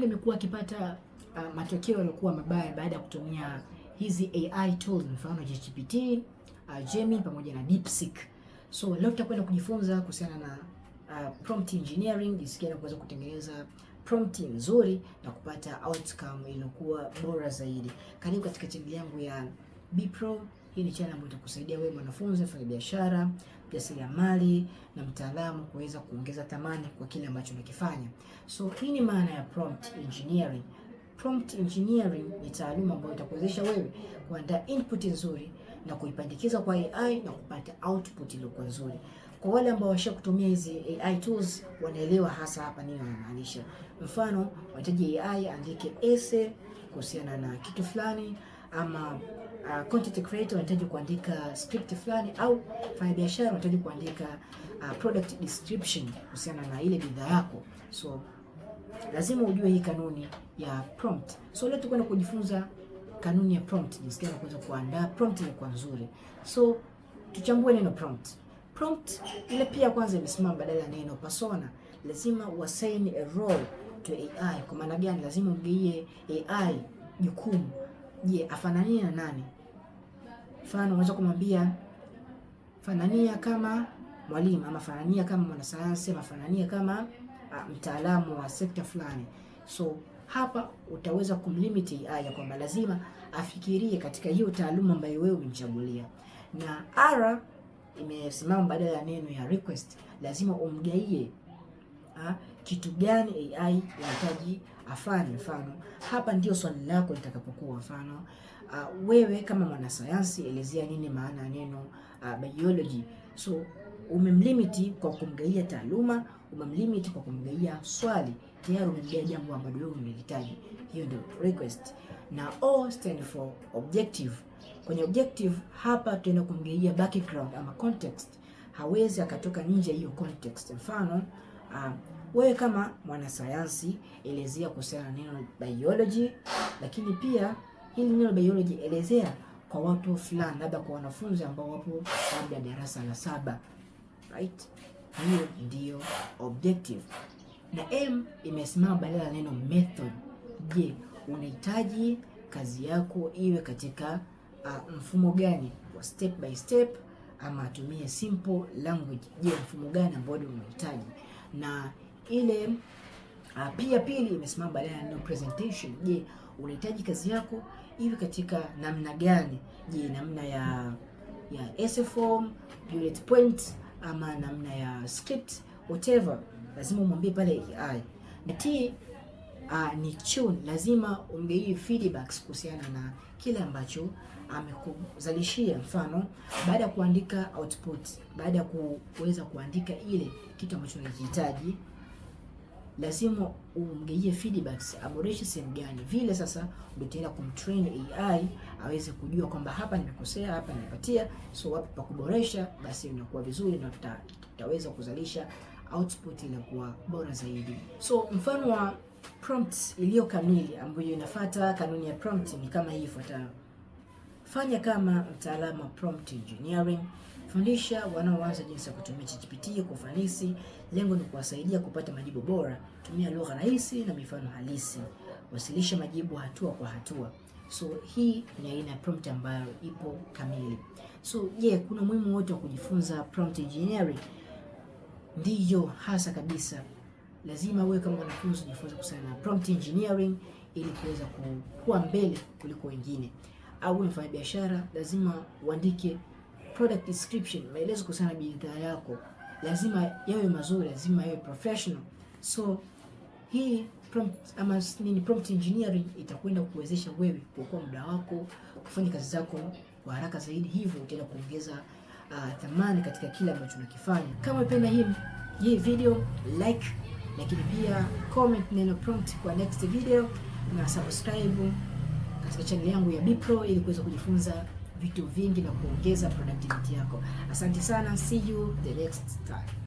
Yanga imekuwa akipata uh, matokeo yaliokuwa mabaya baada ya kutumia hizi AI tools mfano ChatGPT, uh, Gemini pamoja na DeepSeek. So leo tutakwenda kujifunza kuhusiana na uh, prompt engineering, jinsi gani kuweza kutengeneza prompt nzuri na kupata outcome iliyokuwa bora zaidi. Karibu katika chaneli yangu ya Bipro hii ni channel ambayo itakusaidia wewe mwanafunzi, mfanyabiashara, mjasiriamali na mtaalamu kuweza kuongeza thamani kwa kile ambacho unakifanya. So hii ni maana ya prompt engineering. Prompt engineering ni taaluma ambayo itakuwezesha wewe kuandaa input nzuri na kuipandikiza kwa AI na kupata output iliyokuwa nzuri. Kwa wale ambao washa kutumia hizi AI tools wanaelewa hasa hapa nini wanamaanisha. Mfano, unahitaji AI andike essay kuhusiana na kitu fulani ama uh, content creator wanahitaji kuandika script fulani, au fanya biashara wanahitaji kuandika uh, product description kuhusiana na ile bidhaa yako, so lazima ujue hii kanuni ya prompt. So leo tukwenda kujifunza kanuni ya prompt, jinsi gani unaweza kuandaa prompt ile kwa nzuri. So tuchambue neno prompt. Prompt ile pia kwanza imesimama badala ya neno persona. Lazima uassign a role to AI. Kwa maana gani? Lazima ugeie AI jukumu Je, afananie na nani? Mfano, unaweza kumwambia fanania kama mwalimu ama fanania kama mwanasayansi ama fanania kama mtaalamu wa sekta fulani. So hapa utaweza kumlimit ya kwamba lazima afikirie katika hiyo taaluma ambayo wewe umemchagulia, na R imesimama badala ya neno ya request. Lazima umgaie kitu gani AI inahitaji afani. Mfano hapa ndio swali lako litakapokuwa. Mfano uh, wewe kama mwanasayansi, elezea nini maana ya neno uh, biology. So umemlimiti kwa kumgaia taaluma, umemlimiti kwa kumgaia swali, tayari umemgawia jambo ambalo wewe unahitaji. Hiyo ndio request, na O stand for objective. Kwenye objective hapa tunaenda kumgaia background ama context, hawezi akatoka nje hiyo context. Mfano Um, wewe kama mwanasayansi elezea kuhusiana na neno biology, lakini pia hili neno biology elezea kwa watu fulani, labda kwa wanafunzi ambao wapo labda darasa la saba, right? Hiyo ndiyo objective, na m imesimama badala ya neno method. Je, unahitaji kazi yako iwe katika uh, mfumo gani wa step by step ama atumie simple language? Je, mfumo gani ambao unahitaji? na ile uh, pia pili imesimama baada ya neno presentation. Je, unahitaji kazi yako iwe katika namna gani? Je, namna ya ya essay form, bullet point ama namna ya script whatever, lazima umwambie pale AI. Na T uh, ni tune, lazima umpe hii feedbacks kuhusiana na kile ambacho amekuzalishia. Mfano, baada ya kuandika output, baada ya kuweza kuandika ile kitu ambacho unakihitaji, lazima umgeie feedbacks, aboreshe sehemu gani. Vile sasa ndio utaenda kumtrain AI aweze kujua kwamba hapa nimekosea, hapa nimepatia, so wapi pa kuboresha, basi inakuwa vizuri na tutaweza kuzalisha output inakuwa bora zaidi. So mfano wa prompt iliyo kamili ambayo inafuata kanuni ya prompt ni kama hii ifuatayo. Fanya kama mtaalamu wa prompt engineering. Fundisha wanaoanza jinsi ya kutumia ChatGPT kwa ufanisi. Lengo ni kuwasaidia kupata majibu bora. Tumia lugha rahisi na mifano halisi. Wasilisha majibu hatua kwa hatua. So hii ni aina ya prompt ambayo ipo kamili. So je, yeah, kuna umuhimu wote wa kujifunza prompt engineering? Ndiyo, hasa kabisa lazima uwe kama mwanafunzi ujifunze kuhusiana na prompt engineering ili kuweza kuwa mbele kuliko wengine, au biashara, lazima uandike product description, maelezo kuhusiana na bidhaa yako lazima yawe mazuri, lazima yawe professional. So hii prompt ama nini, prompt engineering itakwenda kukuwezesha wewe kuokoa muda wako, kufanya kazi zako kwa haraka zaidi, hivyo utaenda kuongeza uh, thamani katika kile ambacho unakifanya. Kama umependa hii hii video like lakini pia comment neno prompt kwa next video na subscribe katika channel yangu ya Bipro ili kuweza kujifunza vitu vingi na kuongeza productivity yako. Asante sana, see you the next time.